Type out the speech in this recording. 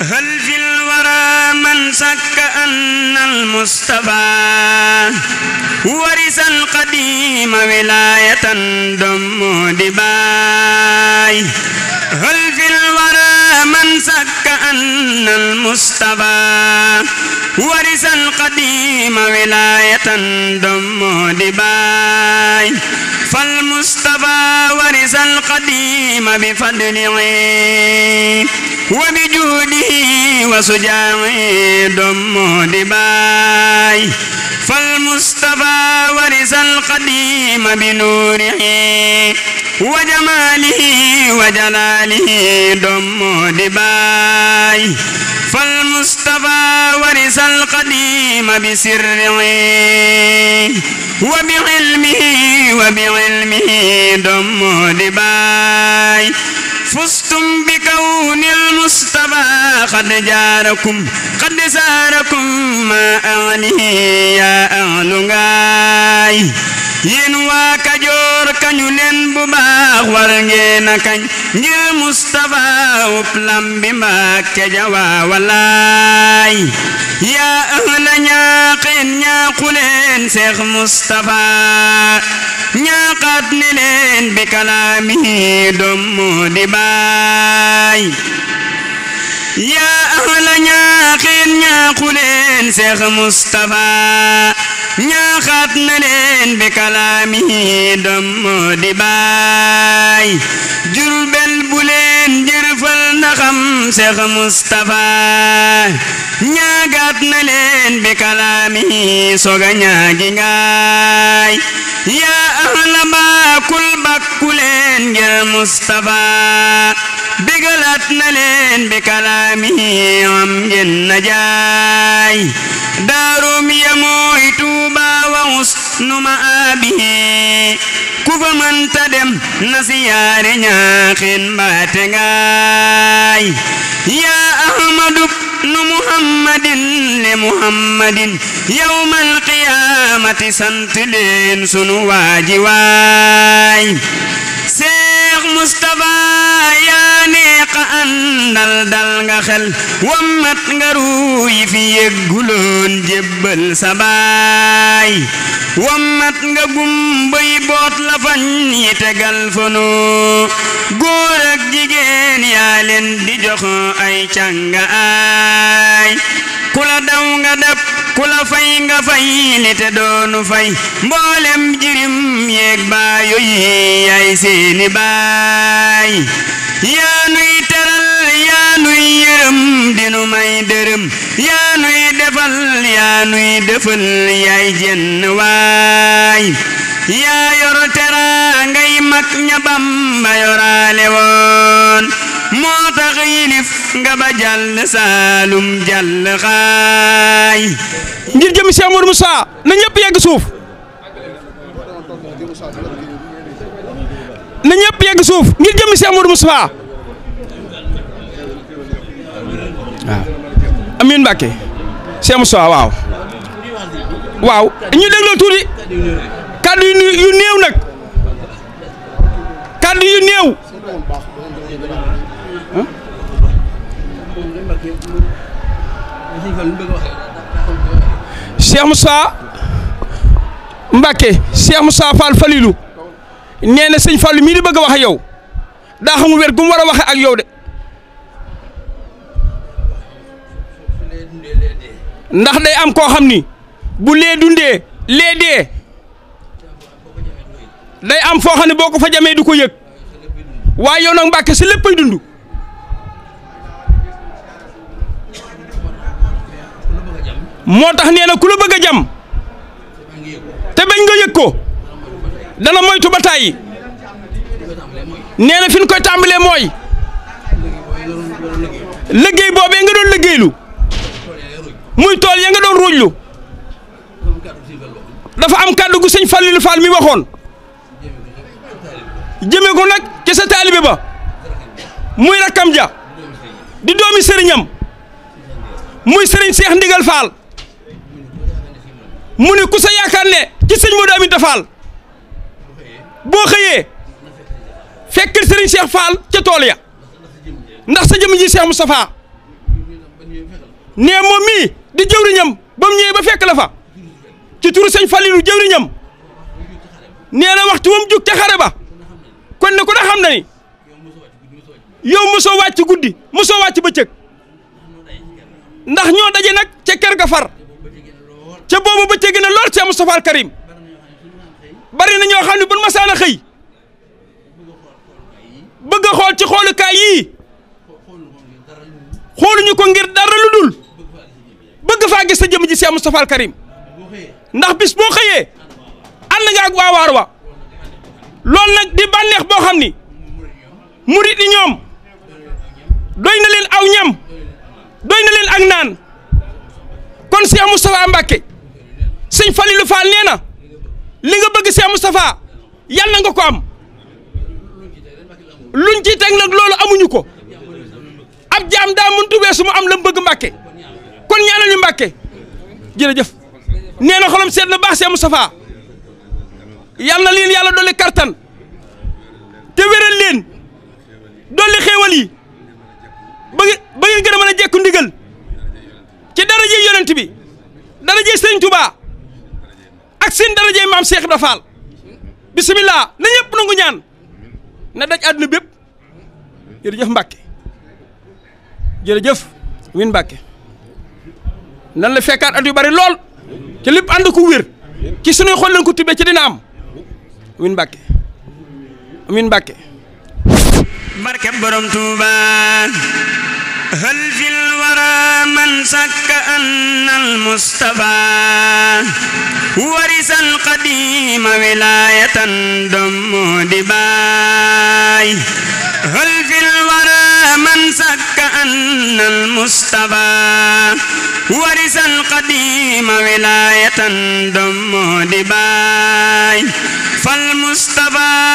هل في الورى من سك أن المصطفى ورث القديم ولاية دم دباي هل في الورى من سك أن المصطفى ورث القديم ولاية دم دباي فالمصطفى ورث القديم بفضل عين وبجوده وسجامه دمه دباي فالمصطفى ورث القديم بنوره وجماله وجلاله دمه دباي فالمصطفى ورث القديم بسره وبعلمه وبعلمه دمه دباي فزتم بكون المصطفى قد جاركم قد ساركم ما أعنه yéen waa kajoor kañu leen bu baax war ngeen a kañ ngir Mustafa wub lambi Mbàkke jawaa walaay yaa ahla ñaaqeen ñaaquleen Seex Mustafa ñaaqat ni bi kalaamihi doom moo di baay yaa ahla ñaaxeen ñaaxuleen Seex Mustafa ñaaxaat na leen bi kalaami doom di baay Jurbel bu leen jërëfal ndaxam Seex Mustafa ñaagaat na leen bi kalaami soga ñaagi ngaay yaa ahla baakul bakkuleen ngir Mustafa bigalat na leen bi kalaamihi am ngeen na jaay daarum ya mooy tuuba wa husnu ma'aabihi ku fa mënta dem na siyaare ñaaxeen mbaate ngaay yaa ahmadu nu muhammadin li muhammadin yawmal qiyaamati sant leen sunu waaji waay seex mustapha àndal dal nga xel wammat nga ruu yi fi yëgguloon jébbal sa wammat nga gumba yi boot la yi tegal fanoo góor jigéen yaa di jox ay canga ay ku daw nga dab ku fay nga fay li te doonu fay mboolem jirim yeeg baayo yi yaay seeni baay yaa nuy dërëm dinu may dërëm yaa nuy defal yaa nuy defal yaay jenn waay yaa yor teraangay mag ña Bamba yoraale woon moo tax nga ba jàll saalum jàll xaay ngir jëm si Amadou Moussa na ñëpp yegg suuf na ñëpp yegg suuf ngir jëm si Amadou Moussa waaw ah. Amin Mbacke Cheikh Moussa waaw waaw ñu dégloo tuuti kaddu yu néew nag kaddu yu néew Cheikh Moussa Mbacke Cheikh Moussa Fall Falilou nee na sëñ Fallu mii di bëgg a wax ak yow daa xamul wér gu war a waxe ak yow de ndax day am koo xam ni bu lee dundee lee dee day am foo xam ne boo ko fa jamee du ko yëg waaye yow nag Mbàkke si léppay dund moo tax nee na ku la bëgg a jam te bañ nga yëg ko dana moytu ba tàyyi nee na fi ñu koy tàmbalee mooy liggéey boobee nga doon liggéeylu muy tool ya nga doon ruujlu dafa am kàddu gu sëñ Fallou Fall mi waxoon jëme ko nag ci sa taalibe ba muy rakkam ja di doomi sëriñam muy sëriñ Seex Ndigal Fall mu ne ku sa yaakaar ne ci sëñ Modou Aminta Fall boo xëyee fekkal sëriñ Seex Fall ca tool ya ndax sa jëm ji Seex Moustapha nee moom mii di jëwriñam ba mu ñëwee ba fekk la fa ci turu sëñ Fallilou jëwriñam nee na waxtu ba mu jug xare ba kon ne ko ne xam na ni yow mosoo wàcc guddi mosoo wàcc bëccëg ndax ñoo daje nag ca kër ga far ca boobu bëccëg na lool Cheikh Moustapha Karim bari na ñoo xam ne buñ masaan a xëy bëgg xool ci xoolukaay yii xooluñu ko ngir dara lu dul. musaa sa jëmm ji Cheikh Moustapha al Karim ndax bis boo xëyee ànd nga ak waa waar wa loolu nag di bànneex boo xam ni murit yi ñoom doy na leen aw ñam doy na leen ak naan kon Cheikh Moustapha Mbacke sëñ Falilou Fall nee na li nga bëgg Cheikh Moustapha yal na nga ko am luñ ci teg loolu amuñu ko ab jaam daa mëntu weesu mu am la bëgg Mbacke kon ñaanal ñu Mbàkke jërëjëf nee na xolam baax see Moustapha yàlla na leen yàlla dolli kartan te wéral leen dolli xéewal yi ba ngeen ba ngeen gën a mën a jekku ndigal ci darajey yonent bi darajey sëñ Touba ak seen darajey maam Cheikh Ibra Fall bisimilah na ñëpp nangu ñaan na daj àdduna bépp jërëjëf Mbàkke jërëjëf win Mbàkke nan la fekkaat at yu bari lool ci lépp ànd ko wér ci sunuy xol lañ am amin mbàkke amin mbàkke barke borom tuuba wara man sakka anna al mustafa warisan qadima wilayatan dommu di baay شك أن المصطفى ورث القديم ولاية دم دباي فالمصطفى